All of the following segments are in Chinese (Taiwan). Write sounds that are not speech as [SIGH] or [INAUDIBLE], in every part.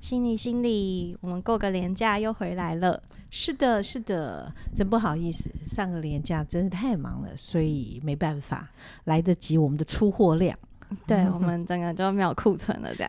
心裡心裡，我們過個連假，又回來了。是的，是的，真不好意思，上個連假真是太忙了，所以沒辦法來得及我們的出貨量。對我們整個就沒有庫存了，這樣。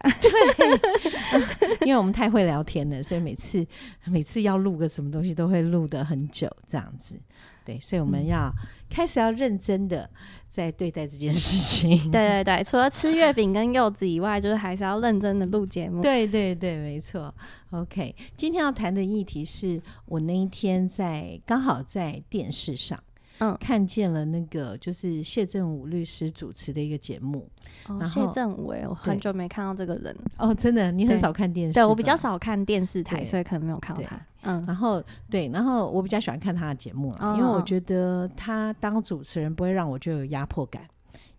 嗯、哼對，因為我們太會聊天了，所以每次每次要錄個什麼東西都會錄得很久，這樣子。對，所以我們要開始要認真的在對待這件事情。嗯、對對對，除了吃月餅跟柚子以外，就是還是要認真的錄節目。對對對，沒錯。OK，今天要談的議題是我那一天在剛好在電視上。嗯，看見了那個就是謝震武律師主持的一個節目，哦、然後謝震武、欸，我很久沒看到這個人對哦，真的，你很少看電視對，對我比較少看電視台，對所以可能沒有看到他。對嗯，然後對，然後我比較喜歡看他的節目、哦、因為我覺得他當主持人不會讓我就有壓迫感。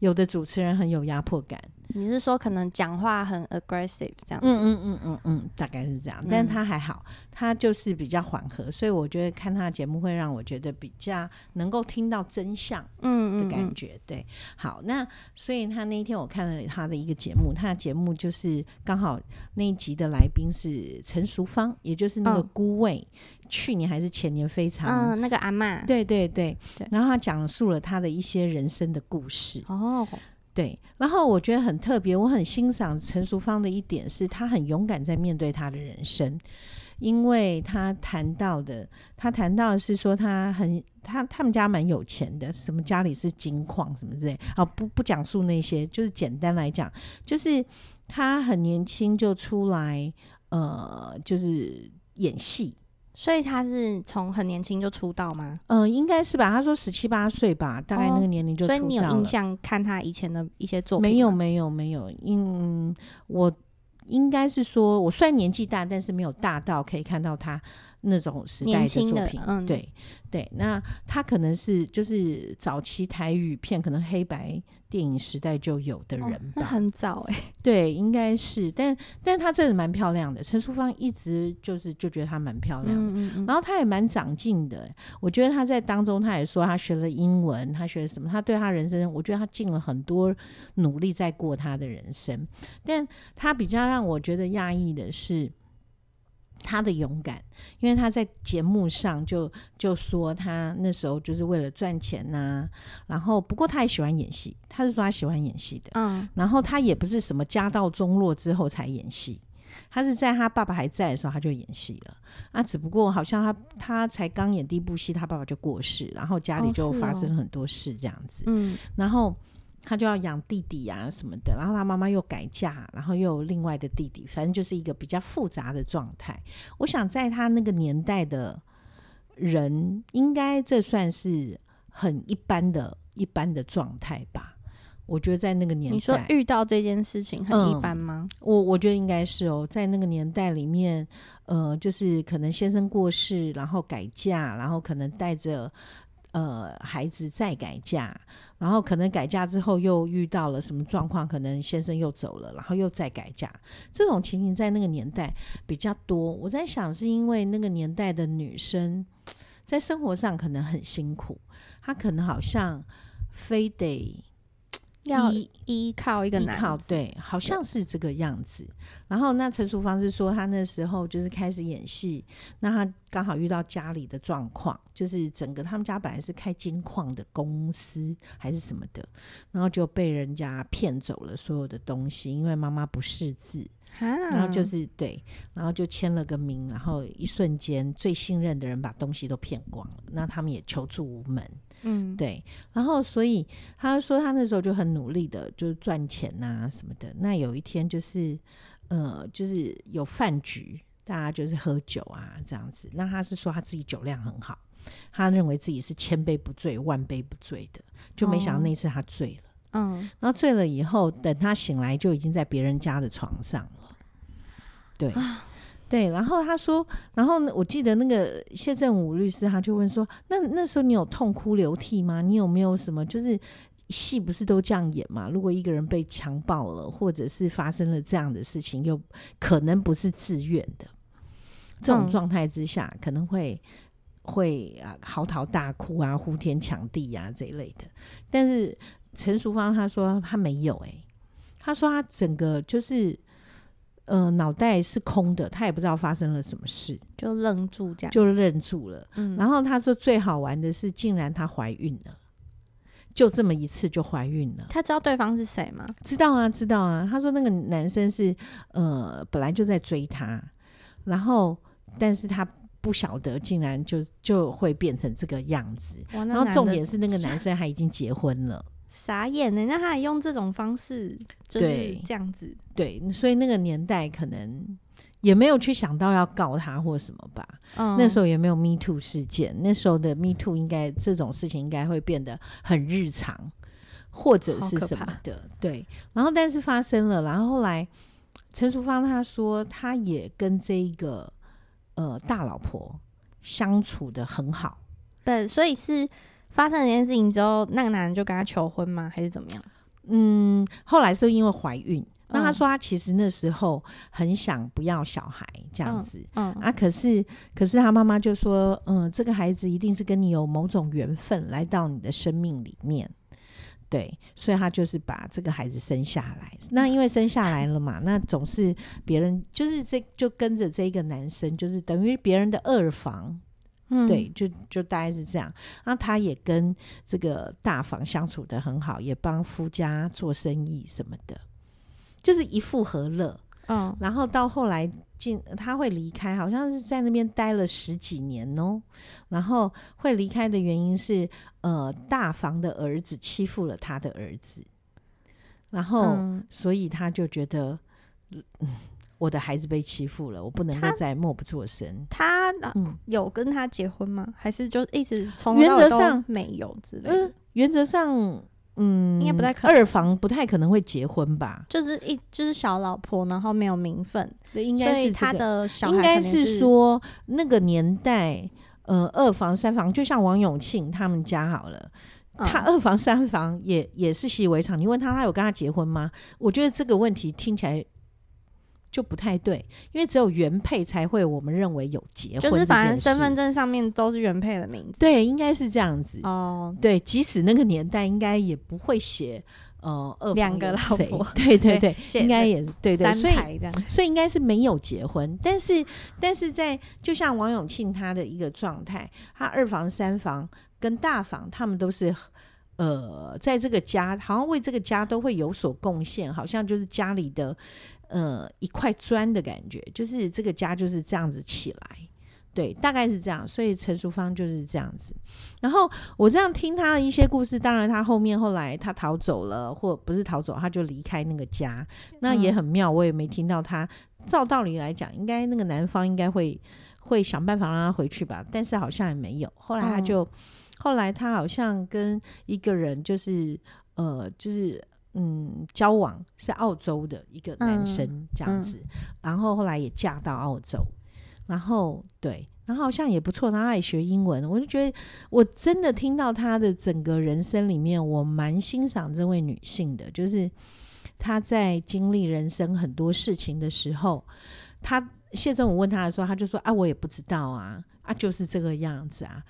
有的主持人很有壓迫感，你是說可能講話很 aggressive 這樣子？嗯嗯嗯嗯嗯，大概是這樣。嗯、但他還好，他就是比較緩和，所以我覺得看他的節目會讓我覺得比較能夠聽到真相，嗯的感覺。嗯嗯嗯對，好，那所以他那天我看了他的一個節目，他的節目就是剛好那一集的來賓是陳淑芳，也就是那個孤味。哦去年還是前年，非常嗯，那個阿嬤，對對對，對然後他講述了他的一些人生的故事哦，對，然後我覺得很特別，我很欣賞陳淑芳的一點是，他很勇敢在面對他的人生，因為他談到的，他談到的是說他很他他們家蠻有錢的，什麼家裡是金礦什麼之類啊，不不講述那些，就是簡單來講，就是他很年輕就出來，呃，就是演戲。所以他是從很年輕就出道嗎？嗯、呃，應該是吧。他說十七八歲吧，大概那個年齡就出道。哦，所以你有印象看他以前的一些作品？沒有，沒有，沒有。嗯，我應該是說，我雖然年紀大，但是沒有大到可以看到他。那種時代的作品，嗯、對對，那他可能是就是早期台語片，可能黑白電影時代就有的人吧，哦，很早哎，欸，對，應該是，但但他真的蠻漂亮的。陳淑芳一直就是就覺得她蠻漂亮的，嗯嗯嗯，然後她也蠻長進的。我覺得她在當中，她也說她學了英文，她學了什麼？她對她人生，我覺得她盡了很多努力在過她的人生。但她比較讓我覺得訝異的是，他的勇敢，因為他在節目上就就說他那時候就是為了賺錢吶、啊，然後不過他也喜歡演戲，他是說他喜歡演戲的，嗯，然後他也不是什麼家道中落之後才演戲，他是在他爸爸還在的時候他就演戲了啊，只不過好像他他才剛演第一部戲，他爸爸就過世，然後家裡就發生了很多事這樣子，哦哦、嗯，然後。他就要養弟弟啊什麼的，然後他媽媽又改嫁，然後又有另外的弟弟，反正就是一個比較複雜的狀態。我想在他那個年代的人，應該這算是很一般的一般的狀態吧。我覺得在那個年代，你說遇到這件事情很一般嗎？嗯，我我覺得應該是哦、喔，在那個年代裡面，呃，就是可能先生過世，然後改嫁，然後可能帶着。呃，孩子再改嫁，然後可能改嫁之後又遇到了什麼狀況，可能先生又走了，然後又再改嫁，這種情形在那個年代比較多。我在想，是因為那個年代的女生在生活上可能很辛苦，她可能好像非得要依靠一個男子，依靠，對，好像是這個樣子。Yeah. 然後那陳淑芳是說，她那時候就是開始演戲，那她剛好遇到家裡的狀況，就是整個他們家本來是開金礦的公司還是什麼的，然後就被人家騙走了所有的東西，因為媽媽不識字。然後就是對，然後就簽了個名，然後一瞬間最信任的人把東西都騙光了，那他們也求助無門。嗯，對。然後所以他說他那時候就很努力的就賺錢吶、啊、什麼的。那有一天就是呃就是有飯局，大家就是喝酒啊這樣子。那他是說他自己酒量很好，他認為自己是千杯不醉萬杯不醉的，就沒想到那一次他醉了。哦、嗯，然後醉了以後，等他醒來就已經在別人家的床上。對，對，然後他說，然後我記得那個謝震武律師，他就問說：“那那時候你有痛哭流涕嗎？你有沒有什麼？就是戲不是都這樣演嘛？如果一個人被強暴了，或者是發生了這樣的事情，又可能不是自願的，這種狀態之下，可能會會啊嚎啕大哭啊，呼天搶地啊這一類的。但是陳淑芳他說他沒有、欸，誒，他說他整個就是。”嗯，呃、腦袋是空的，她也不知道發生了什麼事，就愣住這樣，就愣住了。嗯，然後她說最好玩的是，竟然她懷孕了，就這麼一次就懷孕了。嗯、她知道對方是誰嗎？知道啊，知道啊。她說那個男生是，呃，本來就在追她，然後但是她不曉得，竟然就就會變成這個樣子。然後重點是，那個男生還已經結婚了。傻眼呢、欸，那他也用這種方式，就是這樣子。對。對，所以那個年代可能也沒有去想到要告他或什麼吧。嗯，那時候也沒有 Me Too 事件，那時候的 Me Too 應該這種事情應該會變得很日常，或者是什麼的。對，然後但是發生了，然後後來陳淑芳她說，她也跟這一個呃大老婆相處得很好。對，所以是。發生了一件事情之後，那個男人就跟他求婚嗎？還是怎麼樣？嗯，後來是因為懷孕。那他說他其實那時候很想不要小孩這樣子，嗯，嗯啊可，可是可是他媽媽就說，嗯，這個孩子一定是跟你有某種緣分來到你的生命裡面。對，所以他就是把這個孩子生下來。那因為生下來了嘛，那總是別人就是這就跟着這個男生，就是等於別人的二房。 [NOISE] 對，就就大概是這樣。那、啊、他也跟這個大房相處得很好，也幫夫家做生意什麼的，就是一副和樂。嗯、哦，然後到後來進他會離開，好像是在那邊待了十幾年哦、喔。然後會離開的原因是，呃，大房的兒子欺負了他的兒子，然後所以他就覺得、嗯嗯、我的孩子被欺負了，我不能夠再默不作聲。她他。有跟他結婚嗎？嗯、還是就一直從原則上沒有之類的？原則上、呃、上，嗯，應該不太可能，二房不太可能會結婚吧，就是一就是小老婆，然後沒有名分，對，應該是、這個、是他的小孩是，應該是說那個年代，嗯、呃，二房三房，就像王永慶他們家好了，嗯、他二房三房也也是習以為常。你問他，他有跟他結婚嗎？我覺得這個問題聽起來。就不太對，因為只有原配才會我們認為有結婚，就是反正身份證上面都是原配的名字。對，應該是這樣子。哦，對，即使那個年代應該也不會寫呃二房兩個老婆，對對對，對應該也是三子對，對對，所以這樣，所以應該是沒有結婚。但是，但是在就像王永慶他的一個狀態，他二房、三房跟大房，他們都是呃在這個家，好像為這個家都會有所貢獻，好像就是家裡的。呃，一塊磚的感覺，就是這個家就是這樣子起來，對，大概是這樣。所以陳淑芳就是這樣子。然後我這樣聽他的一些故事，當然他後面後來他逃走了，或不是逃走，他就離開那個家，那也很妙。我也沒聽到他。嗯、照道理來講，應該那個男方應該會會想辦法讓他回去吧，但是好像也沒有。後來他就，嗯、後來他好像跟一個人，就是呃，就是。嗯，交往是澳洲的一個男生這樣子，嗯嗯、然後後來也嫁到澳洲，然後對，然後好像也不錯，他愛學英文，我就覺得我真的聽到他的整個人生裡面，我蠻欣賞這位女性的，就是她在經歷人生很多事情的時候，他謝震武問他的時候，他就說啊，我也不知道啊，啊，就是這個樣子啊，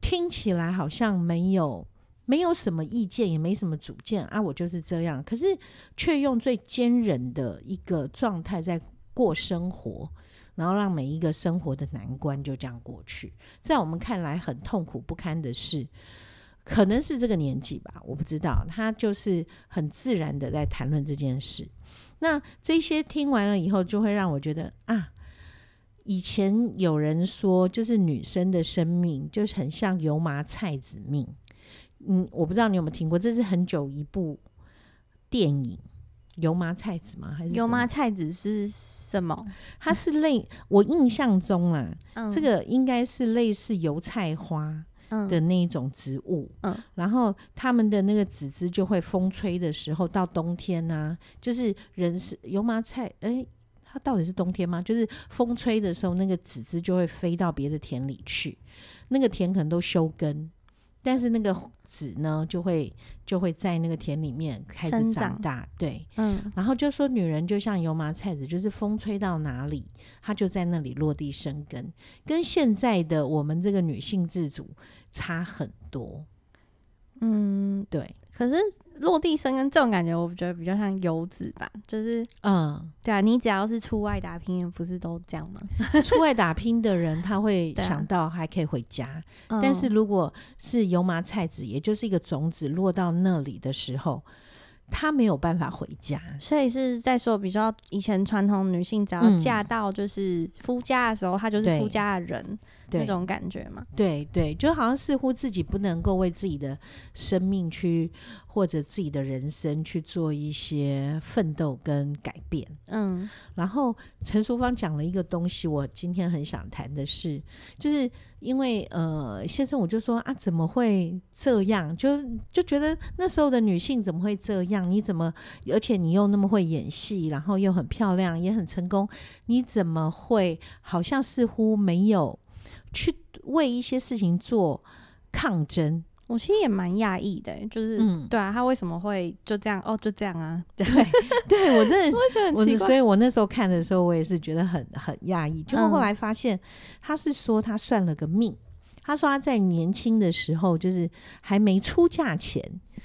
聽起來好像沒有。沒有什麼意見，也沒什麼主見啊，我就是這樣。可是卻用最堅韌的一個狀態在過生活，然後讓每一個生活的難關就這樣過去。在我們看來很痛苦不堪的事，可能是這個年紀吧，我不知道。他就是很自然的在談論這件事。那這些聽完了以後，就會讓我覺得啊，以前有人說，就是女生的生命就是很像油麻菜籽命。嗯，我不知道你有沒有聽過，這是很久一部電影《油麻菜籽》嗎？還是油麻菜籽是什麼？它是類我印象中啊，嗯、這個應該是類似油菜花的那一種植物。嗯，嗯，然後他們的那個籽子就會風吹的時候，到冬天吶、啊，就是人是油麻菜，哎、欸，它到底是冬天嗎？就是風吹的時候，那個籽子就會飛到別的田裡去，那個田可能都休耕。但是那個籽呢，就會就會在那個田裡面開始長大，長對，嗯，然後就說女人就像油麻菜籽，就是風吹到哪裡，它就在那裡落地生根，跟現在的我們這個女性自主差很多，嗯，對。可是落地生根這種感覺，我覺得比較像遊子吧，就是嗯，對啊，你只要是出外打拼，不是都這樣嗎？ [LAUGHS] 出外打拼的人，他會想到還可以回家，嗯、但是如果是油麻菜籽，也就是一個種子落到那裡的時候，他沒有辦法回家，所以是在說，比如說以前傳統女性只要嫁到就是夫家的時候，嗯、她就是夫家的人。那種感覺嘛，對對，就好像似乎自己不能夠為自己的生命去或者自己的人生去做一些奮鬥跟改變，嗯。然後陳淑芳講了一個東西，我今天很想談的是，就是因為呃，先生我就說啊，怎麼會這樣？就就覺得那時候的女性怎麼會這樣？你怎麼？而且你又那麼會演戲，然後又很漂亮，也很成功，你怎麼會？好像似乎沒有。去為一些事情做抗爭，我其實也蠻訝異的、欸，就是，嗯、對啊，他為什麼會就這樣？哦，就這樣啊？對，對，對我真的，我，很我所以，我那時候看的時候，我也是覺得很很訝異。結果後來發現，他是說他算了個命，嗯、他說他在年輕的時候，就是還沒出嫁前，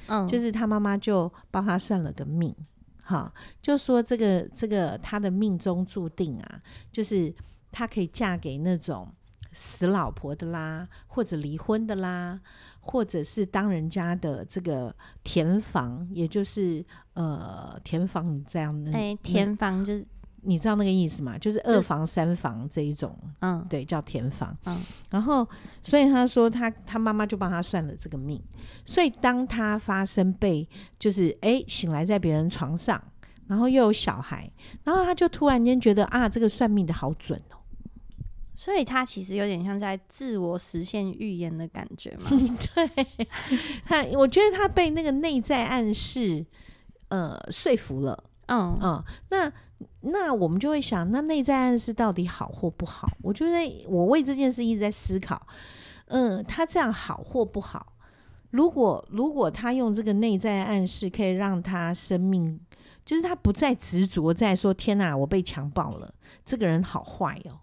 嗯，就是他媽媽就幫他算了個命，哈，就說這個這個他的命中注定啊，就是他可以嫁給那種。死老婆的啦，或者離婚的啦，或者是當人家的這個填房，也就是呃填房這樣。哎、欸，填房就是你知道那個意思嗎？就是二房三房這一種。嗯就，對，叫填房。嗯，然後所以他說他他媽媽就幫他算了這個命，所以當他發生被就是哎、欸、醒來在別人床上，然後又有小孩，然後他就突然間覺得啊，這個算命的好準哦。所以他其實有點像在自我實現預言的感覺嘛？ [LAUGHS] 對，他我覺得他被那個內在暗示呃說服了。嗯嗯，呃、那那我們就會想，那內在暗示到底好或不好？我覺得我為這件事一直在思考。嗯、呃，他這樣好或不好？如果如果他用這個內在暗示，可以讓他生命就是他不再執着在說“天哪、啊，我被強暴了”，這個人好壞哦。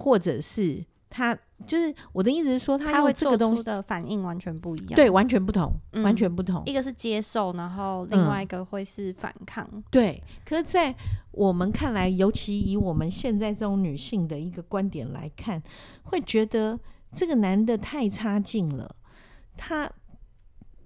或者是他，就是我的意思是說，他因為這個東西的反應完全不一樣，對，完全不同，嗯、完全不同。一個是接受，然後另外一個會是反抗。嗯、對，可是，在我們看來，尤其以我們現在這種女性的一個觀點來看，會覺得這個男的太差勁了，他。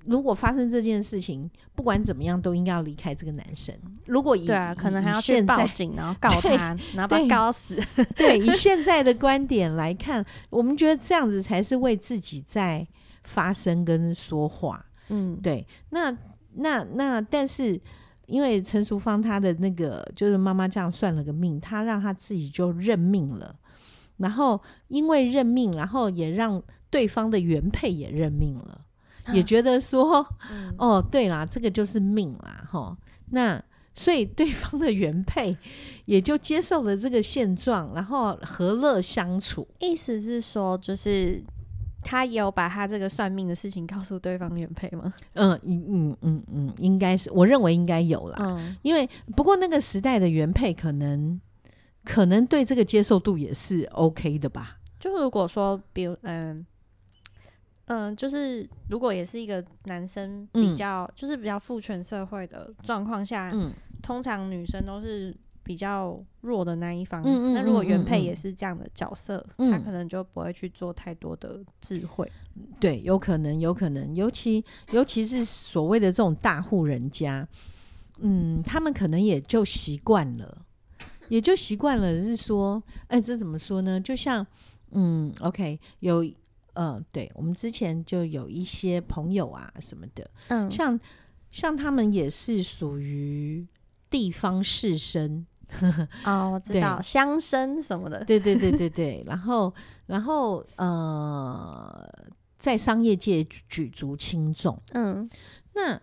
如果發生這件事情，不管怎麼樣都應該要離開這個男生。如果以對啊，可能還要去報警，現在然後告他，把他搞死。對，對， [LAUGHS] 對，以現在的觀點來看，我們覺得這樣子才是為自己在發聲跟說話。嗯，對。那那那，但是因為陳淑芳她的那個就是媽媽這樣算了個命，她讓她自己就認命了，然後因為認命，然後也讓對方的原配也認命了。也覺得說，啊嗯、哦，對啦，這個就是命啦，吼。那所以對方的原配也就接受了這個現狀，然後和樂相處。意思是說，就是他有把他這個算命的事情告訴對方原配嗎？嗯嗯嗯嗯，應該是，我認為應該有啦。嗯、因為不過那個時代的原配可能可能對這個接受度也是 OK 的吧。就如果說，比如嗯。呃嗯，就是如果也是一個男生比較，嗯、就是比較父權社會的狀況下，嗯、通常女生都是比較弱的那一方。那、嗯嗯嗯、如果原配也是這樣的角色，她、嗯嗯、可能就不會去做太多的智慧。嗯、對，有可能，有可能，尤其尤其是所謂的這種大戶人家，嗯，他們可能也就習慣了，也就習慣了，就是說，哎、欸，這怎麼說呢？就像，嗯，OK，有。嗯，對，我們之前就有一些朋友啊什麼的，嗯，像像他們也是屬於地方士紳，哦，我知道鄉紳 [LAUGHS] 對什麼的，對，對對對對對， [LAUGHS] 然後然後呃，在商業界舉足輕重，嗯，那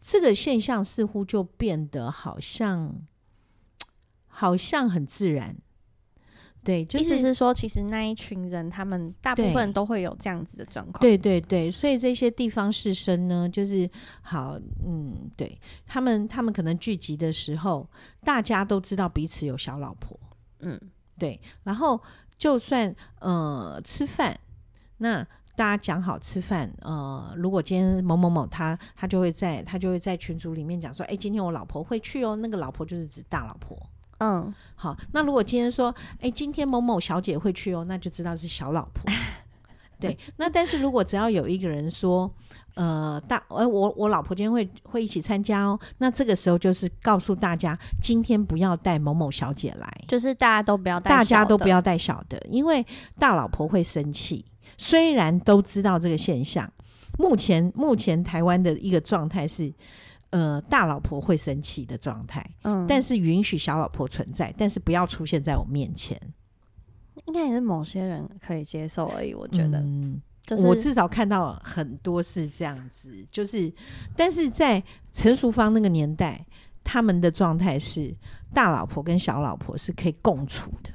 這個現象似乎就變得好像好像很自然。對，就意思是說，其實那一群人，他們大部分都會有這樣子的狀況。對對對，所以這些地方士紳呢，就是好，嗯，對他們，他們可能聚集的時候，大家都知道彼此有小老婆。嗯，對。然後就算呃吃飯，那大家講好吃飯，呃，如果今天某某某他他就會在，他就會在群組裡面講說，哎、欸，今天我老婆會去哦。那個老婆就是指大老婆。嗯，好。那如果今天說，哎，今天某某小姐會去哦，那就知道是小老婆。 [LAUGHS] 對，那但是如果只要有一個人說，呃，大，呃，我我老婆今天會會一起參加哦，那這個時候就是告訴大家，今天不要帶某某小姐來，就是大家都不要帶，大家都不要帶小的，因為大老婆會生氣。雖然都知道這個現象，目前目前台灣的一個狀態是。呃，大老婆會生氣的狀態，嗯，但是允許小老婆存在，但是不要出現在我面前，應該也是某些人可以接受而已。我覺得，嗯，就是，我至少看到很多是這樣子，就是，但是在陳淑芳那個年代，他們的狀態是大老婆跟小老婆是可以共處的。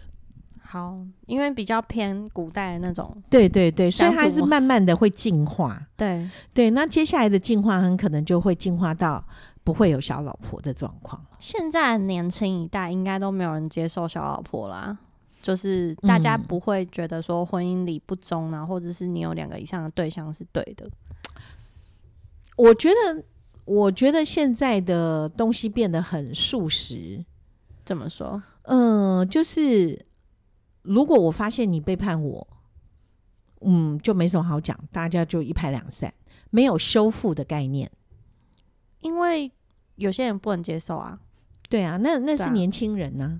好，因為比較偏古代的那種，對對對，所以它是慢慢的會進化，對對。那接下來的進化，很可能就會進化到不會有小老婆的狀況。現在年輕一代應該都沒有人接受小老婆啦，就是大家不會覺得說婚姻裡不忠啊，嗯、或者是你有兩個以上的對象是對的。我覺得，我覺得現在的東西變得很速食。怎麼說？嗯、呃，就是。如果我發現你背叛我，嗯，就沒什麼好講，大家就一拍兩散，沒有修復的概念，因為有些人不能接受啊，對啊，那那是年輕人吶，對啊，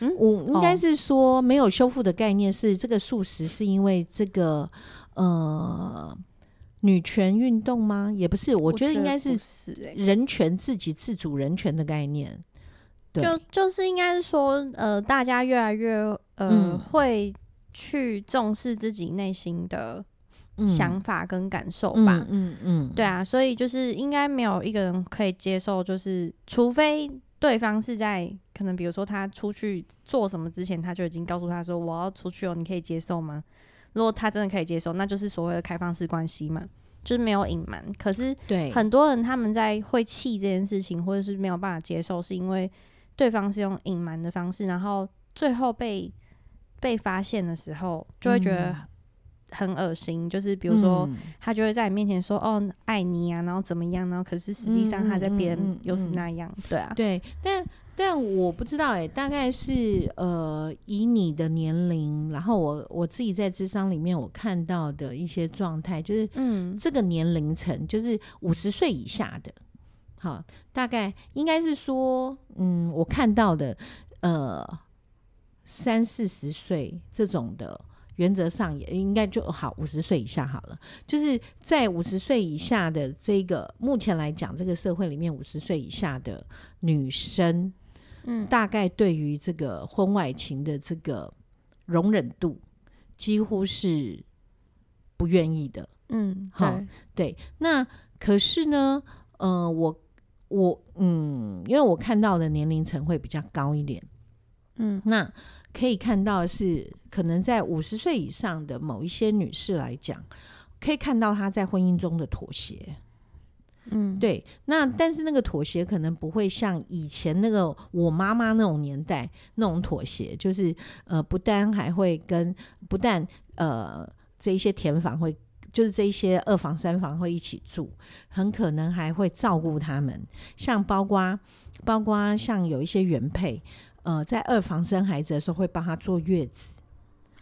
嗯，我應該是說沒有修復的概念，是這個素食是因為這個呃，女權運動嗎？也不是，我覺得應該是人權，自己自主人權的概念，對，就就是應該是說，呃，大家越來越。呃，嗯、會去重視自己內心的想法跟感受吧。嗯嗯，嗯嗯嗯對啊，所以就是應該沒有一個人可以接受，就是除非對方是在可能，比如說他出去做什麼之前，他就已經告訴他說：“我要出去了、喔，你可以接受嗎？”如果他真的可以接受，那就是所謂的開放式關係嘛，就是沒有隱瞞。可是對很多人，他們在會氣這件事情，或者是沒有辦法接受，是因為對方是用隱瞞的方式，然後最後被。被發現的時候，就會覺得很噁心。嗯、就是比如說，他就會在你面前說“嗯、哦，愛你啊”，然後怎麼樣呢？然後可是實際上他在別人又是那樣，嗯嗯嗯嗯對啊，對。但但我不知道、欸，誒，大概是呃，以你的年齡，然後我我自己在諮商裡面我看到的一些狀態，就是嗯，這個年齡層就是五十歲以下的，嗯、好，大概應該是說，嗯，我看到的，呃。三四十歲這種的，原則上也應該就好，五十歲以下好了。就是在五十歲以下的這個，目前來講，這個社會裡面五十歲以下的女生，嗯，大概對於這個婚外情的這個容忍度，幾乎是不願意的。嗯，好，嗯、對，對。那可是呢，呃，我我嗯，因為我看到的年齡層會比較高一點。嗯那，那可以看到是可能在五十歲以上的某一些女士來講，可以看到她在婚姻中的妥協。嗯，對。那但是那個妥協可能不會像以前那個我媽媽那種年代那種妥協，就是呃，不但還會跟不但呃這一些填房會就是這一些二房三房會一起住，很可能還會照顧他們，像包括包括像有一些原配。呃，在二房生孩子的時候會幫他坐月子，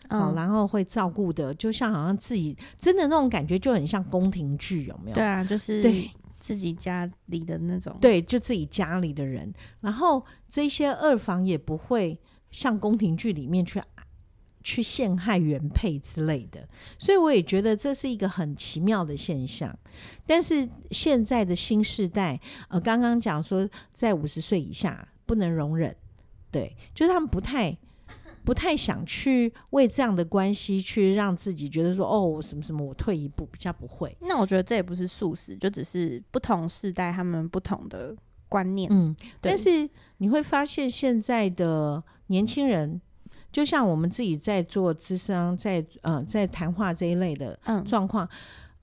好、嗯哦，然後會照顧的，就像好像自己真的那種感覺，就很像宮廷劇，有沒有？對啊，就是自己家裡的那種。對，就自己家裡的人。然後這些二房也不會像宮廷劇裡面去去陷害原配之類的，所以我也覺得這是一個很奇妙的現象。但是現在的新世代，呃，剛剛講說在五十歲以下不能容忍。對，就是他們不太、不太想去為這樣的關係去讓自己覺得說，哦，什麼什麼，我退一步比較不會。那我覺得這也不是速食，就只是不同世代他們不同的觀念。嗯，對但是你會發現現在的年輕人，就像我們自己在做諮商，在嗯、呃，在談話這一類的狀況，嗯、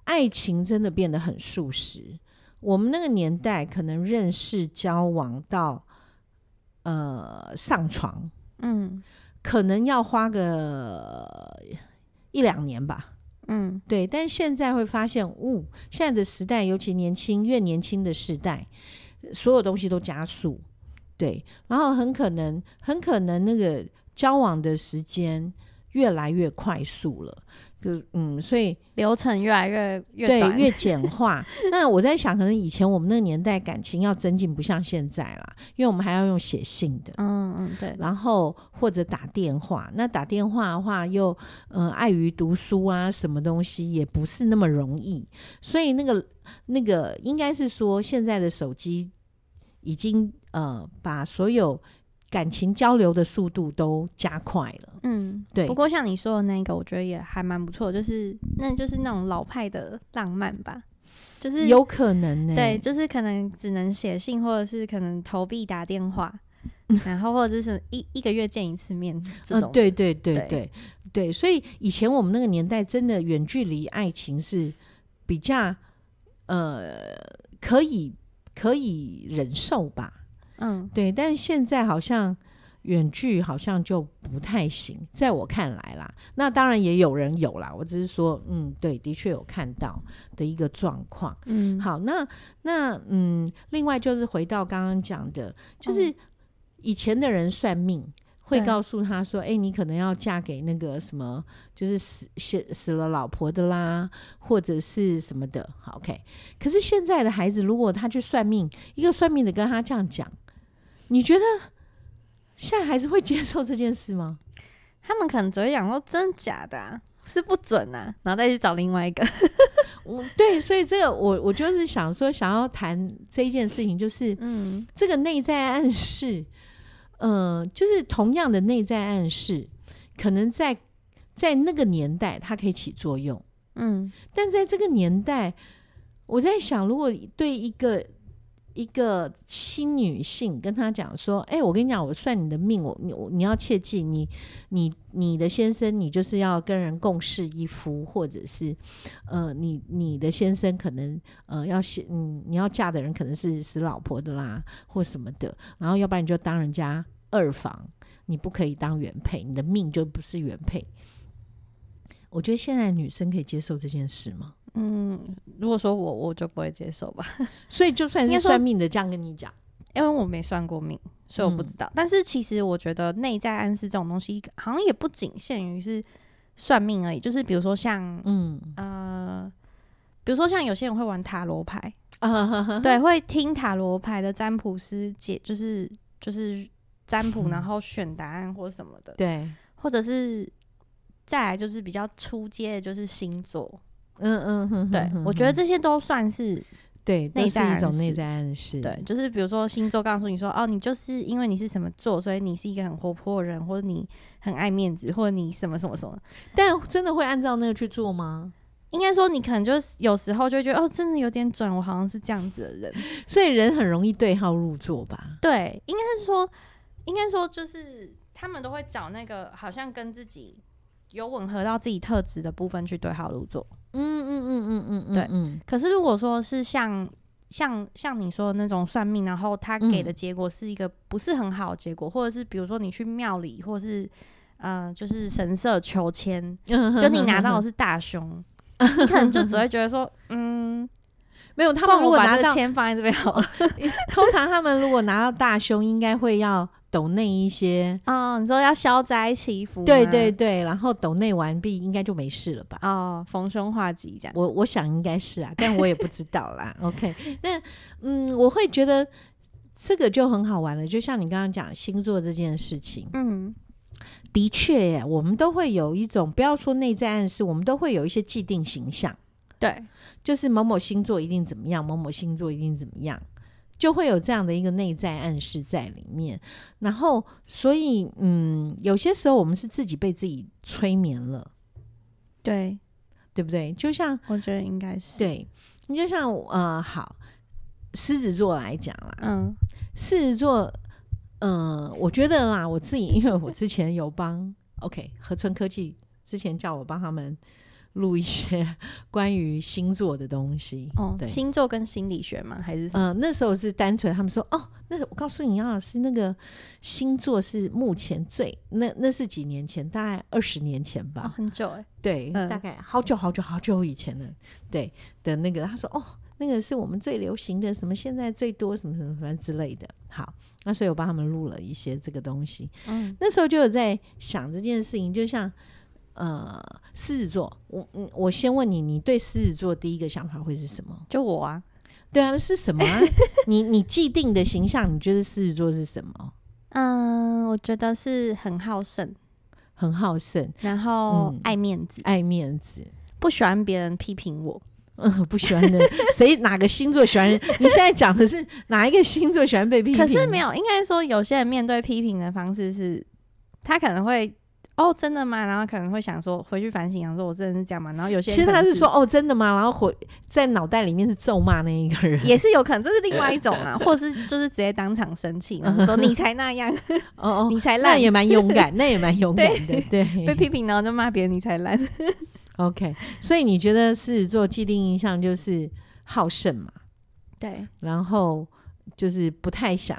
愛情真的變得很速食。我們那個年代可能認識交往到。呃，上床，嗯，可能要花個一兩年吧，嗯，對。但現在會發現，嗚、哦，現在的時代，尤其年輕，越年輕的時代，所有東西都加速，對，然後很可能，很可能那個交往的時間越來越快速了。嗯，所以流程越來越，越對越簡化。 [LAUGHS] 那我在想，可能以前我們那個年代感情要增進，不像現在啦，因為我們還要用寫信的，嗯嗯，對。然後或者打電話，那打電話的話又嗯礙於讀書啊，什麼東西也不是那麼容易。所以那個那個應該是說，現在的手機已經呃把所有。感情交流的速度都加快了。嗯，對。不過像你說的那個，我覺得也還蠻不錯，就是那就是那種老派的浪漫吧，就是有可能呢、欸。對，就是可能只能寫信，或者是可能投幣打電話， [LAUGHS] 然後或者是一一個月見一次面這種。嗯，對對對對對，對。所以以前我們那個年代，真的遠距離愛情是比較呃可以可以忍受吧。嗯，對，但是現在好像遠距好像就不太行，在我看來啦，那當然也有人有啦，我只是說，嗯，對，的確有看到的一個狀況。嗯，好，那那嗯，另外就是回到剛剛講的，就是以前的人算命、嗯、會告訴他說，哎對，你可能要嫁給那個什麼，就是死死死了老婆的啦，或者是什麼的。好，OK，可是現在的孩子如果他去算命，一個算命的跟他這樣講。你覺得現在孩子會接受這件事嗎？他們可能只會養說：“真的假的、啊？是不準吶、啊！”然後再去找另外一個。 [LAUGHS] 我對，所以這個我我就是想說，想要談這一件事情，就是嗯，這個內在暗示，嗯、呃，就是同樣的內在暗示，可能在在那個年代它可以起作用，嗯，但在這個年代，我在想，如果對一個。一個新女性跟他講說：“哎、欸，我跟你講，我算你的命，我你我你要切記，你你你的先生，你就是要跟人共侍一夫，或者是呃，你你的先生可能呃要先、嗯，你要嫁的人可能是死老婆的啦，或什麼的，然後要不然你就當人家二房，你不可以當原配，你的命就不是原配。我覺得現在女生可以接受這件事嗎？”嗯，如果說我我就不會接受吧， [LAUGHS] 所以就算是算命的這樣跟你講，因為我沒算過命，所以我不知道。但是其實我覺得內在暗示這種東西，好像也不僅限於是算命而已，就是比如說像嗯呃，比如說像有些人會玩塔羅牌，對，會聽塔羅牌的占卜師解，就是就是占卜，然後選答案或什麼的，對，或者是再來就是比較初階的就是星座。嗯嗯，對，我覺得這些都算是對，那是一種內在暗示。對，暗示對，就是比如說星座告訴你說，哦，你就是因為你是什麼座，所以你是一個很活潑的人，或者你很愛面子，或者你什麼什麼什麼。但真的會按照那個去做嗎？嗯、應該說你可能就是有時候就會覺得，哦，真的有點準，我好像是這樣子的人， [LAUGHS] 所以人很容易對號入座吧。對，應該是說，應該說就是他們都會找那個好像跟自己，有吻合到自己特質的部分去對號入座，嗯嗯嗯嗯嗯嗯，嗯嗯嗯對，可是如果說是像像像你說的那種算命，然後他給的結果是一個不是很好的結果，嗯、或者是比如說你去廟裡，或者是呃，就是神社求籤，嗯、哼就你拿到的是大凶，嗯、哼你可能就只會覺得說，嗯， [LAUGHS] 沒有他們如果拿到籤放在這邊好了。 [LAUGHS] 通常他們如果拿到大凶，應該會要。抖內一些啊，你說要消災祈福，對對對，然後抖內完畢，應該就沒事了吧？哦，逢凶化吉這樣，我我想應該是啊，但我也不知道啦。 [LAUGHS] OK，那嗯，我會覺得這個就很好玩了，就像你剛剛講星座這件事情，嗯，的確耶，我們都會有一種不要說內在暗示，我們都會有一些既定形象，對，就是某某星座一定怎麼樣，某某星座一定怎麼樣。就會有這樣的一個內在暗示在裡面，然後所以嗯，有些時候我們是自己被自己催眠了。對，對不對？就像我覺得應該是對，你就像呃，好，獅子座來講啦，嗯，獅子座，嗯、呃，我覺得啦，我自己因為我之前有幫 [LAUGHS] OK 和春科技之前叫我幫他們。錄一些關於星座的東西，哦，對，星座跟心理學嗎？還是什麼、嗯、呃，那時候是單純他們說，哦，那我告訴你楊老師，那個星座是目前最那，那是幾年前，大概二十年前吧，哦、很久耶、對，大概、嗯、好久好久好久以前了，對的那個，他說，哦，那個是我們最流行的什麼，現在最多什麼什麼什麼之類的。好，那所以我幫他們錄了一些這個東西，嗯，那時候就有在想這件事情，就像。呃，獅子座，我我先問你，你對獅子座第一個想法會是什麼？就我啊，對啊，是什麼啊？ [LAUGHS] 你你既定的形象，你覺得獅子座是什麼？嗯，我覺得是很好勝，很好勝，然後愛面子，嗯、愛面子，不喜歡別人批評我，嗯，不喜歡的。誰 [LAUGHS] 哪個星座喜歡？你現在講的是哪一個星座喜歡被批評？可是沒有，應該說有些人面對批評的方式是，他可能會。哦，真的嗎？然後可能會想說，回去反省，想說我真的是這樣嘛？然後有些其實他是說，哦，真的嗎？然後回在腦袋裡面是咒罵那一個人，也是有可能，這是另外一種啊， [LAUGHS] 或是就是直接當場生氣，然後說你才那樣，哦哦， [LAUGHS] 你才爛爛，那也蠻勇敢，那也蠻勇敢的， [LAUGHS] 對，對被批評然後就罵別人你才爛。 [LAUGHS] OK，所以你覺得獅子座既定印象就是好勝嘛？對，然後就是不太想。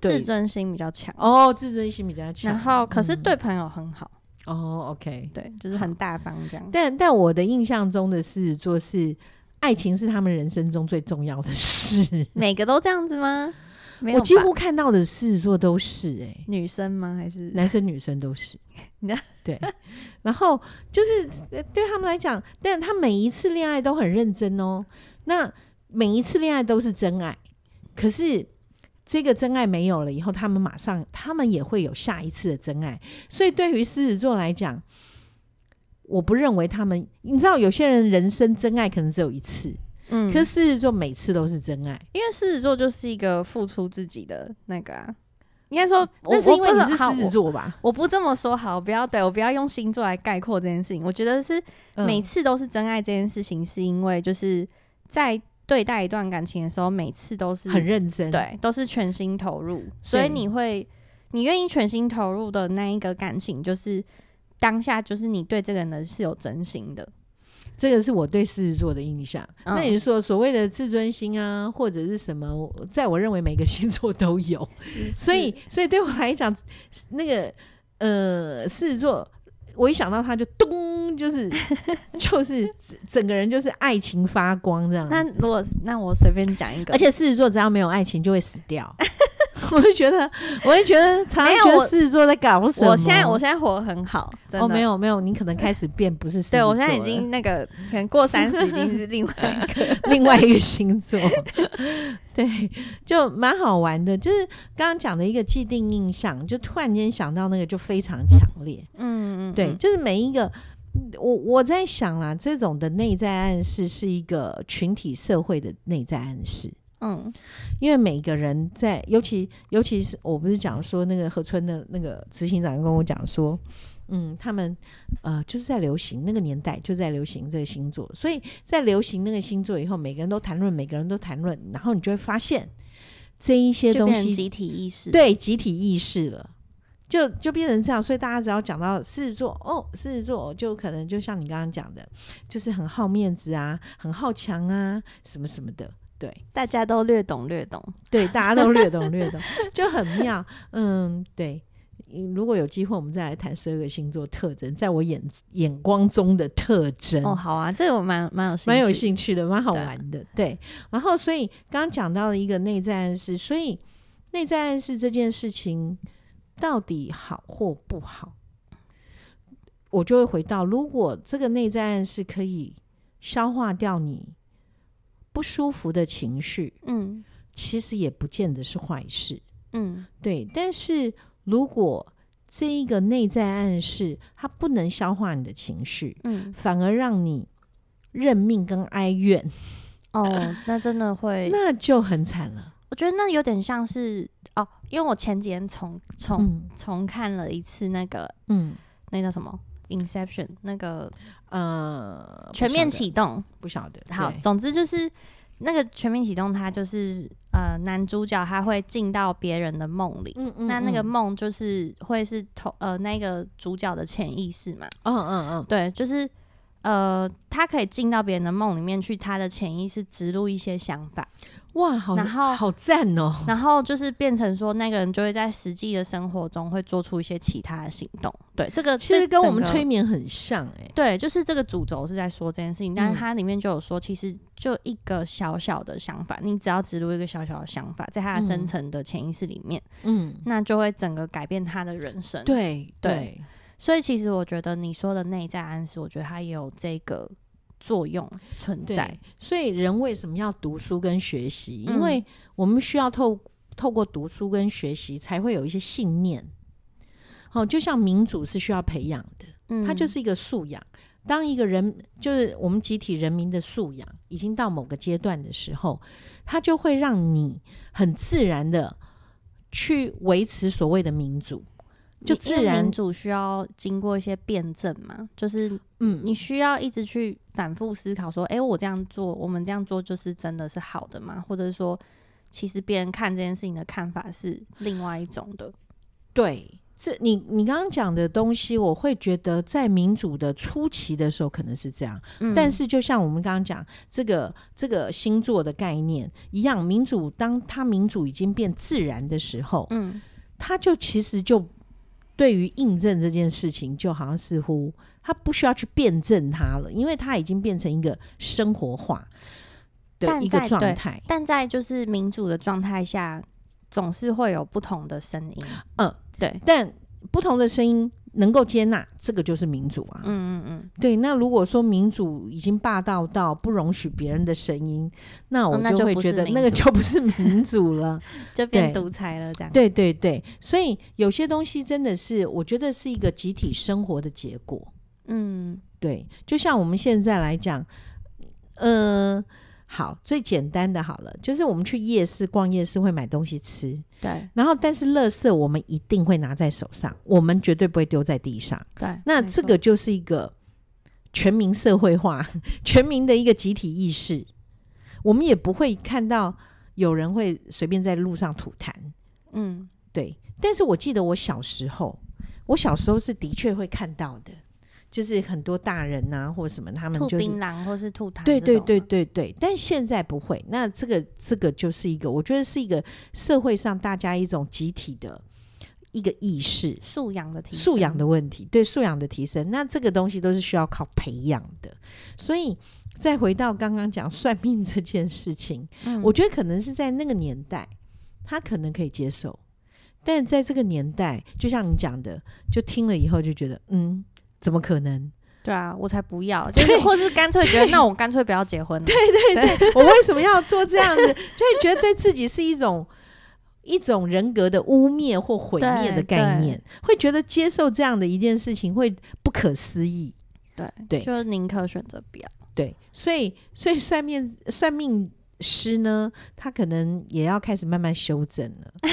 自尊心比較強哦，自尊心比較強，然後、嗯、可是對朋友很好哦。OK，對，就是很大方這樣。但但我的印象中的獅子座是，愛情是他們人生中最重要的事。每個都這樣子嗎？ [LAUGHS] 我幾乎看到的獅子座都是哎、欸，女生嗎？還是男生女生都是？那 [LAUGHS] 道對，然後就是對他們來講，但他每一次戀愛都很認真哦、喔。那每一次戀愛都是真愛，可是。這個真愛沒有了以後，他們馬上他們也會有下一次的真愛。所以對於獅子座來講，我不認為他們，你知道有些人人生真愛可能只有一次，嗯，可是獅子座每次都是真愛，因為獅子座就是一個付出自己的那個、啊，應該說，嗯、那是因為你是獅子座吧？我我我？我不這麼說好，不要對我不要用星座來概括這件事情。我覺得是每次都是真愛這件事情，是因為就是在。對待一段感情的時候，每次都是很認真，對，都是全心投入。對所以你會，你願意全心投入的那一個感情，就是當下，就是你對這個人是有真心的。這個是我對獅子座的印象。嗯、那你說所謂的自尊心啊，或者是什麼，在我認為每個星座都有。是是 [LAUGHS] 所以，所以對我來講，那個呃，獅子座，我一想到他就咚。就是就是整個人就是愛情發光這樣子那。那如果那我隨便講一個，而且獅子座只要沒有愛情就會死掉。 [LAUGHS] 我就覺得，我也覺得，常，常覺得獅子座在搞什麼。我，我現在我現在活很好，真的。哦，沒有沒有，你可能開始變，不是獅子座。對，我現在已經那個，可能過三十已經是另外一個 [LAUGHS] 另外一個星座。 [LAUGHS] 對，就蠻好玩的，就是剛剛講的一個既定印象，就突然間想到那個就非常強烈。嗯，嗯嗯，對，就是每一個。我我在想啦、啊，這種的內在暗示是一個群體社會的內在暗示。嗯，因為每個人在，尤其尤其是，我不是講說那個何村的那個執行長跟我講說，嗯，他們呃就是在流行那個年代就在流行這個星座，所以在流行那個星座以後，每個人都談論，每個人都談論，然後你就會發現這一些東西集體意識，對集體意識了。就就變成這樣，所以大家只要講到獅子座哦，獅子座就可能就像你剛剛講的，就是很好面子啊，很好強啊，什麼什麼的，對，大家都略懂略懂，對，大家都略懂略懂， [LAUGHS] 就很妙，嗯，對。如果有機會，我們再來談十二個星座特徵，在我眼眼光中的特徵。哦，好啊，這個我蠻蠻有蠻有興趣的，蠻好玩的，對，對。然後，所以剛剛講到了一個內在暗示，所以內在暗示這件事情。到底好或不好，我就會回到：如果這個內在暗示可以消化掉你不舒服的情緒，嗯，其實也不見得是壞事，嗯，對。但是如果這一個內在暗示它不能消化你的情緒，嗯，反而讓你認命跟哀怨，哦，那真的會， [LAUGHS] 那就很慘了。我覺得那有點像是。哦，因為我前幾天重重重看了一次那個，嗯，那叫什麼《Inception》，那個呃，全面啟動，不曉得。好，對，總之就是那個全面啟動，它就是呃，男主角他會進到別人的夢裡，嗯嗯，嗯嗯那那個夢就是會是同呃那個主角的潛意識嘛，嗯嗯、哦、嗯，嗯對，就是呃，他可以進到別人的夢裡面去，他的潛意識植入一些想法。哇，wow，好，然後好贊哦、喔！然後就是變成說，那個人就會在實際的生活中會做出一些其他的行動。對，這個其實跟我們催眠很像、欸，誒。對，就是這個主軸是在說這件事情，嗯，但是它裡面就有說，其實就一個小小的想法，你只要植入一個小小的想法，在他的深層的潛意識裡面，嗯，那就會整個改變他的人生。對對，對，所以其實我覺得你說的內在暗示，我覺得他也有這個。作用存在，對所以人為什麼要讀書跟學習？因為我們需要透透過讀書跟學習，才會有一些信念。好、哦，就像民主是需要培養的，它就是一個素養。當一個人就是我們集體人民的素養已經到某個階段的時候，它就會讓你很自然地去維持所謂的民主。就自然主需要經過一些辯證嘛，就是嗯，你需要一直去反覆思考說，哎、嗯，欸、我這樣做，我們這樣做就是真的是好的嗎？或者是說，其實別人看這件事情的看法是另外一種的。對，這你你剛剛講的東西，我會覺得在民主的初期的時候可能是這樣，嗯、但是就像我們剛剛講這個這個星座的概念一樣，民主當它民主已經變自然的時候，嗯，它就其實就。對於印證這件事情，就好像似乎他不需要去辯證它了，因為它已經變成一個生活化的一個狀態，但，但在就是民主的狀態下，總是會有不同的聲音。嗯，對，但。不同的聲音能夠接納，這個就是民主啊。嗯嗯嗯，對。那如果說民主已經霸道到不容許別人的聲音，那我就會覺得那個就不是民主了， [LAUGHS] 就變獨裁了。這樣，對，對對對。所以有些東西真的是，我覺得是一個集體生活的結果。嗯，對。就像我們現在來講，呃。好，最簡單的好了，就是我們去夜市逛夜市會買東西吃，對。然後，但是垃圾我們一定會拿在手上，我們絕對不會丟在地上。對，那這個就是一個全民社會化，沒錯。全民的一個集體意識。我們也不會看到有人會隨便在路上吐痰。嗯，對。但是我記得我小時候，我小時候是的確會看到的。就是很多大人吶、啊，或者什麼，他們就檳榔，或是吐痰，對對對對對。但現在不會，那這個這個就是一個，我覺得是一個社會上大家一種集體的一個意識素養的提升素養的問題，對素養的提升。那這個東西都是需要靠培養的。所以再回到剛剛講算命這件事情，嗯、我覺得可能是在那個年代，他可能可以接受，但在這個年代，就像你講的，就聽了以後就覺得嗯。怎麼可能？對啊，我才不要！就是、或是乾脆覺得，對那我乾脆不要結婚了，對對對，對，對，我為什麼要做這樣子？ [LAUGHS] 就會覺得對自己是一種一種人格的污衊或毀滅的概念，會覺得接受這樣的一件事情會不可思議。對對，對就是寧可選擇不要。對，所以所以算命算命師呢，他可能也要開始慢慢修正了。 [LAUGHS]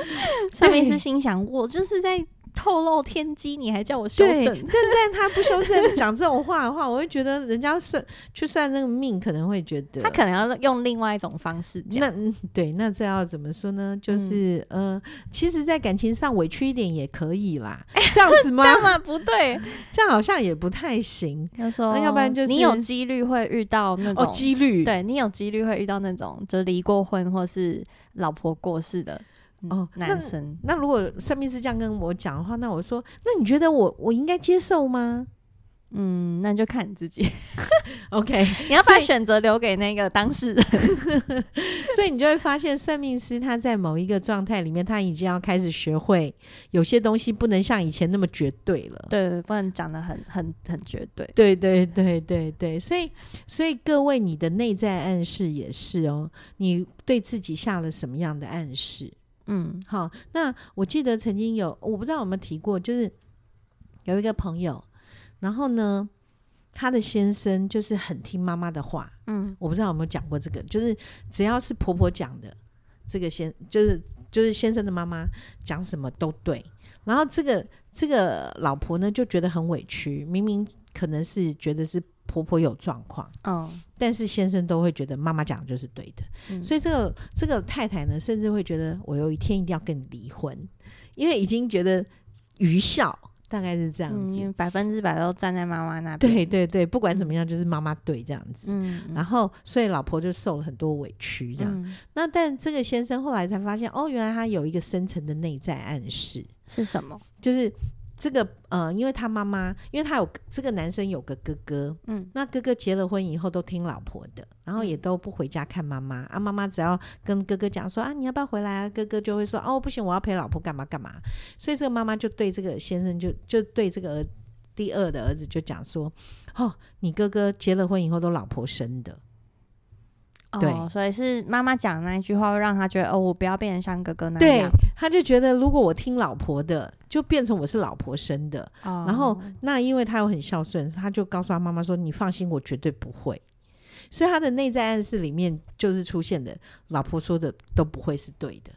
[LAUGHS] 算命師心想過，過就是在。透露天機，你還叫我修正？但但他不修正講 [LAUGHS] 這種話的話，我會覺得人家算去算那個命，可能會覺得他可能要用另外一種方式講。那對，那這要怎麼說呢？就是、嗯、呃，其實，在感情上委屈一點也可以啦。這樣子嗎？ [LAUGHS] 這樣不對，這樣好像也不太行。他說：“那要不然就是你有機率會遇到那種幾、哦、機率，對你有機率會遇到那種，就離過婚或是老婆過世的。”哦，男生，那如果算命師這樣跟我講的話，那我說，那你覺得我我應該接受嗎？嗯，那就看你自己。 [LAUGHS] OK，所以，你要把選擇留給那個當事人。 [LAUGHS] 所以你就會發現，算命師他在某一個狀態裡面，他已經要開始學會有些東西不能像以前那麼絕對了。對，不然講得很很很絕對。對對對對對，所以所以各位，你的內在暗示也是哦、喔，你對自己下了什麼樣的暗示？嗯，好。那我記得曾經有，我不知道有沒有提過，就是有一個朋友，然後呢，他的先生就是很聽媽媽的話。嗯，我不知道有沒有講過這個，就是只要是婆婆講的，這個先就是就是先生的媽媽講什麼都對。然後這個這個老婆呢就覺得很委屈，明明可能是覺得是。婆婆有狀況，嗯、哦，但是先生都會覺得媽媽講的就是對的，嗯、所以這個這個太太呢，甚至會覺得我有一天一定要跟你離婚，因為已經覺得愚孝，大概是這樣子，嗯、百分之百都站在媽媽那邊。對對對，不管怎麼樣，嗯、就是媽媽對這樣子。嗯、然後，所以老婆就受了很多委屈，這樣。嗯、那但這個先生後來才發現，哦，原來他有一個深層的內在暗示是什麼？就是。這個呃，因為他媽媽，因為他有這個男生有個哥哥，嗯，那哥哥結了婚以後都聽老婆的，然後也都不回家看媽媽啊。媽媽只要跟哥哥講說啊，你要不要回來啊？哥哥就會說哦，不行，我要陪老婆幹嘛幹嘛。所以這個媽媽就對這個先生就就對這個兒第二的兒子就講說，哦，你哥哥結了婚以後都老婆生的。哦，oh, 對所以是媽媽講的那一句話，會讓他覺得哦，我不要變成像哥哥那樣。對，他就覺得如果我聽老婆的，就變成我是老婆生的。Oh. 然後，那因為他又很孝順，他就告訴他媽媽說：“你放心，我絕對不會。”所以他的內在暗示裡面就是出現的，老婆說的都不會是對的，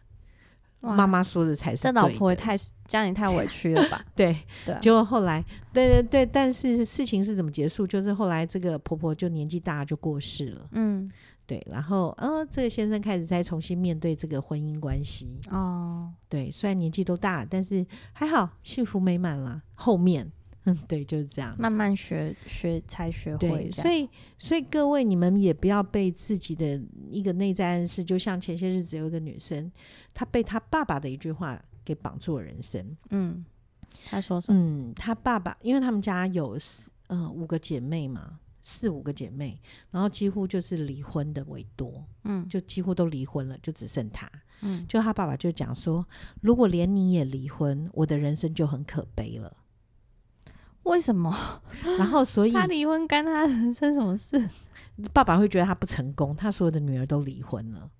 哇媽媽說的才是。這老婆也太這樣也太委屈了吧？ [LAUGHS] 對，對。結果後來，對對對，但是事情是怎麼結束？就是後來這個婆婆就年紀大就過世了。嗯。對，然後，嗯、哦，這個先生開始再重新面對這個婚姻關係哦。對，雖然年紀都大了，但是還好，幸福美滿了。後面，嗯，對，就是這樣，慢慢學學才學會對。所以，所以各位，你們也不要被自己的一個內在暗示。嗯、就像前些日子有一個女生，她被她爸爸的一句話給綁住了人生。嗯，她說什麼？嗯，她爸爸，因為她們家有，四、呃，五個姐妹嘛。四五個姐妹，然後幾乎就是離婚的為多，嗯，就幾乎都離婚了，就只剩他，嗯，就他爸爸就講說，如果連你也離婚，我的人生就很可悲了。為什麼？然後所以 [LAUGHS] 他離婚干他人生什麼事？爸爸會覺得他不成功，他所有的女兒都離婚了。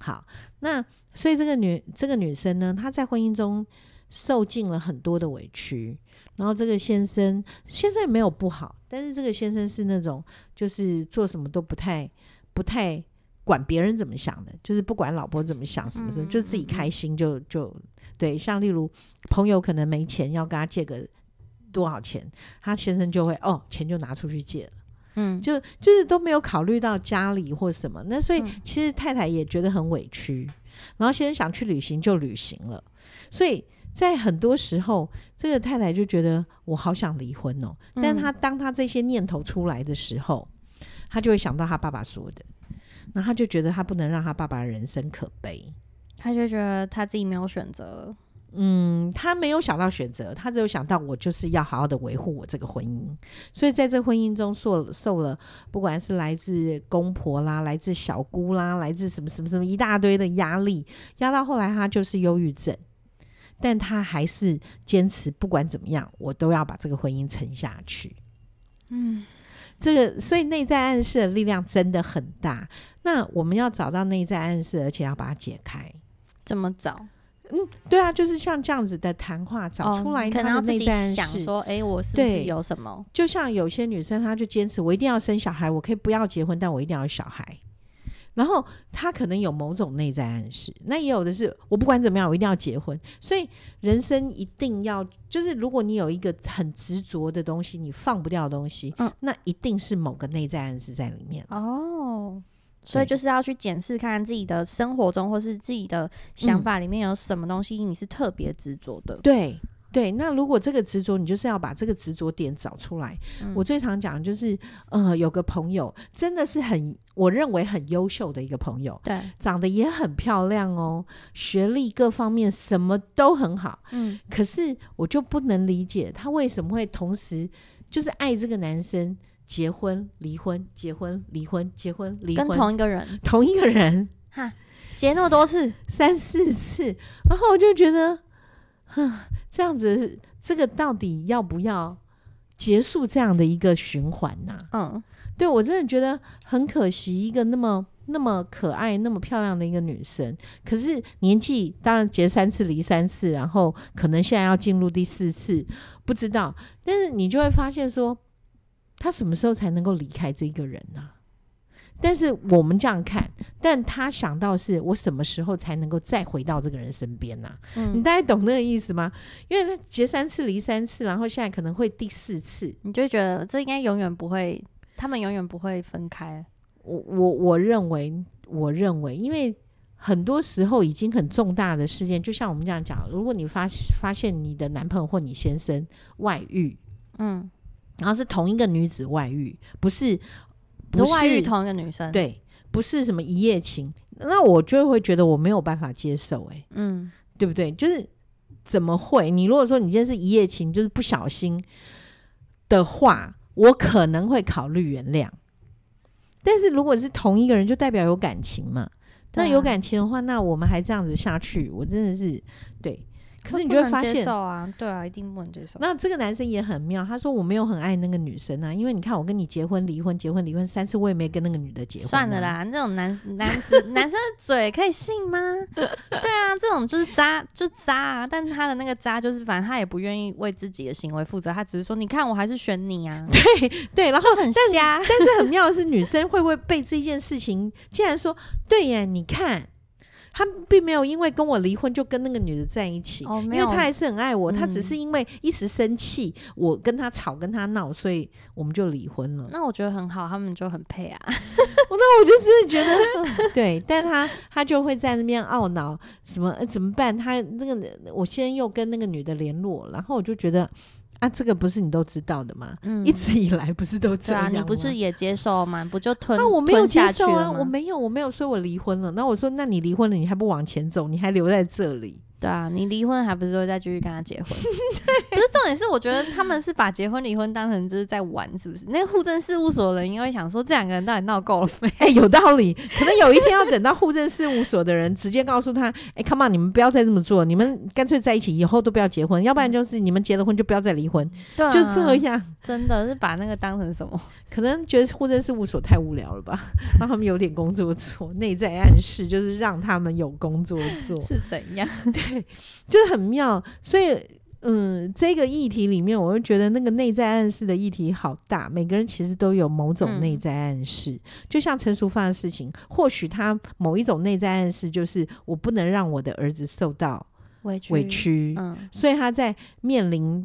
好，那所以這個女這個女生呢，她在婚姻中，受盡了很多的委屈，然後這個先生，先生也沒有不好，但是這個先生是那種就是做什麼都不太不太管別人怎麼想的，就是不管老婆怎麼想什麼什麼，嗯、就自己開心就就對。像例如朋友可能沒錢要跟他借個多少錢，他先生就會哦錢就拿出去借了，嗯，就就是都沒有考慮到家裡或什麼。那所以其實太太也覺得很委屈，然後先生想去旅行就旅行了，所以。在很多時候，這個太太就覺得我好想離婚哦。但是她，當她這些念頭出來的時候，她、嗯、就會想到她爸爸說的，那她就覺得她不能讓她爸爸的人生可悲，她就覺得她自己沒有選擇了。嗯，她沒有想到選擇，她只有想到我就是要好好的維護我這個婚姻。所以在這婚姻中受了受了，不管是來自公婆啦，來自小姑啦，來自什麼什麼什麼一大堆的壓力，壓到後來，她就是憂鬱症。但他還是堅持，不管怎麼樣，我都要把這個婚姻撐下去。嗯，這個所以內在暗示的力量真的很大。那我們要找到內在暗示，而且要把它解開。怎麼找？嗯，對啊，就是像這樣子的談話找出來他在，哦、你可能自己想說，哎、欸，我是不是有什麼？就像有些女生，她就堅持，我一定要生小孩，我可以不要結婚，但我一定要有小孩。然後他可能有某種內在暗示，那也有的是我不管怎麼樣，我一定要結婚，所以人生一定要就是，如果你有一個很執着的東西，你放不掉的東西，嗯、那一定是某個內在暗示在裡面哦。所以，所以就是要去檢視，看看自己的生活中或是自己的想法裡面有什麼東西，你是特別執着的。嗯、對。對，那如果這個執着，你就是要把這個執着點找出來。嗯，我最常講就是，呃，有個朋友真的是很，我認為很優秀的一個朋友，對，長得也很漂亮哦，學歷各方面什麼都很好，嗯，可是我就不能理解他為什麼會同時就是愛這個男生，結婚、離婚、結婚、離婚、結婚、離婚，跟同一個人，同一個人，哈，結那麼多次三，三四次，然後我就覺得。哼，這樣子，這個到底要不要結束這樣的一個循環呢？嗯，對，我真的覺得很可惜，一個那麼那麼可愛、那麼漂亮的一個女生，可是年紀當然結三次離三次，然後可能現在要進入第四次，不知道。但是你就會發現說，她什麼時候才能夠離開這個人呢？但是我們這樣看，但他想到是我什麼時候才能夠再回到這個人身邊呢？啊，嗯，你大家懂那個意思嗎？因為他結三次離三次，然後現在可能會第四次，你就覺得這應該永遠不會，他們永遠不會分開。我我我認為，我認為，因為很多時候已經很重大的事件，就像我們這樣講，如果你發發現你的男朋友或你先生外遇，嗯，然後是同一個女子外遇，不是。不是都外遇同一個女生，對，不是什麼一夜情，那我就會覺得我沒有辦法接受，欸，哎，嗯，對不對？就是怎麼會？你如果說你今天是一夜情，就是不小心的話，我可能會考慮原諒。但是如果是同一個人，就代表有感情嘛，那有感情的話，那我們還這樣子下去，我真的是對。可是你就會發現、接受啊，對啊，一定不能接受。那這個男生也很妙，他說我沒有很愛那個女生啊，因為你看我跟你結婚、離婚、結婚、離婚三次，我也沒跟那個女的結婚、啊。算了啦，那種男男子 [LAUGHS] 男生的嘴可以信嗎？ [LAUGHS] 對啊，這種就是渣，就渣啊！但他的那個渣就是，反正他也不願意為自己的行為負責，他只是說，你看我還是選你啊。 [LAUGHS] 對對，然後很瞎， [LAUGHS] 但是很妙的是，女生會不會被這件事情？竟然說，對呀，你看。他並沒有因為跟我離婚就跟那個女的在一起，哦、沒有，因為他還是很愛我。他只是因為一時生氣，嗯、我跟他吵跟他鬧，所以我們就離婚了。那我覺得很好，他們就很配啊。 [LAUGHS] [LAUGHS] 那我就真的覺得對，但他他就會在那邊懊惱，什麼、呃、怎麼辦？他那個我先又跟那個女的聯絡，然後我就覺得。啊，這個不是你都知道的嗎？嗯、一直以來不是都這樣？啊？你不是也接受嗎？不就吞。那、啊、我沒有接受啊！我沒有，我沒有說我離婚了。那我說，那你離婚了，你還不往前走，你還留在這裡？對啊，你離婚還不是說再繼續跟他結婚？可 [LAUGHS] 對是重點是，我覺得他們是把結婚、離婚當成就是在玩，是不是？那戶、個、政事務所的人應該想說，這兩個人到底鬧夠了沒、欸？有道理，可能有一天要等到戶政事務所的人直接告訴他：哎、 [LAUGHS] 欸、come on，你們不要再這麼做，你們乾脆在一起，以後都不要結婚，嗯、要不然就是你們結了婚就不要再離婚，對、啊，就這樣。真的是把那個當成什麼？可能覺得戶政事務所太無聊了吧？ [LAUGHS] 讓他們有點工作做，內在暗示就是讓他們有工作做，是怎樣？對。對，就是很妙。所以，嗯，這個議題裡面，我就覺得那個內在暗示的議題好大。每個人其實都有某種內在暗示，嗯、就像陳淑芳的事情，或許他某一種內在暗示就是我不能讓我的兒子受到委屈。委屈。嗯，所以他在面臨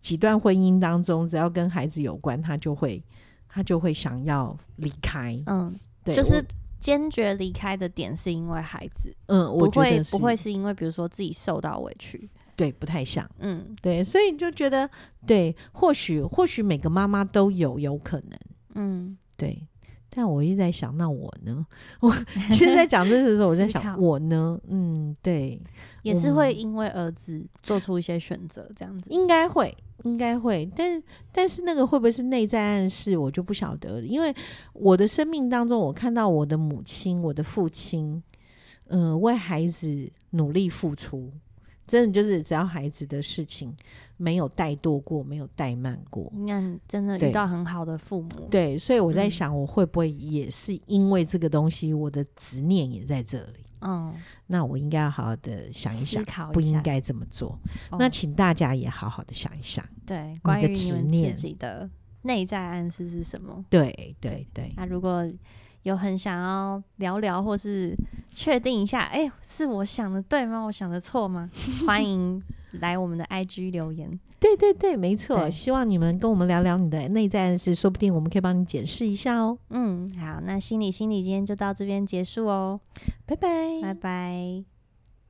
幾段婚姻當中，只要跟孩子有關，他就會他就會想要離開。嗯，對，就是。堅決離開的點是因為孩子，嗯，不會我覺得不會是因為比如說自己受到委屈，對，不太像，嗯，對，所以你就覺得，對，或許或許每個媽媽都有有可能，嗯，對。但我一直在想，那我呢？我 [LAUGHS] [LAUGHS] 其實在講這些的時候，我在想我呢。嗯，對，也是會因為兒子做出一些選擇，這樣子應該會，應該會。但但是那個會不會是內在暗示，我就不曉得。因為我的生命當中，我看到我的母親、我的父親，嗯、呃，為孩子努力付出，真的就是只要孩子的事情。沒有怠惰過，沒有怠慢過，那真的遇到很好的父母。對，對，所以我在想，我會不會也是因為這個東西，嗯、我的執念也在這裡。嗯，那我應該要好好的想一想，一不應該這麼做。哦、那請大家也好好的想一想，對，關於你們自己的內在暗示是什麼？對，對，對。那如果有很想要聊聊，或是確定一下，哎，是我想的對嗎？我想的錯嗎？歡迎。 [LAUGHS] 來我們的 IG 留言，對對對，沒錯，對希望你們跟我們聊聊你的內在暗示，說不定我們可以幫你解釋一下哦。嗯，好，那心理心理今天就到這邊結束哦，拜拜，拜拜。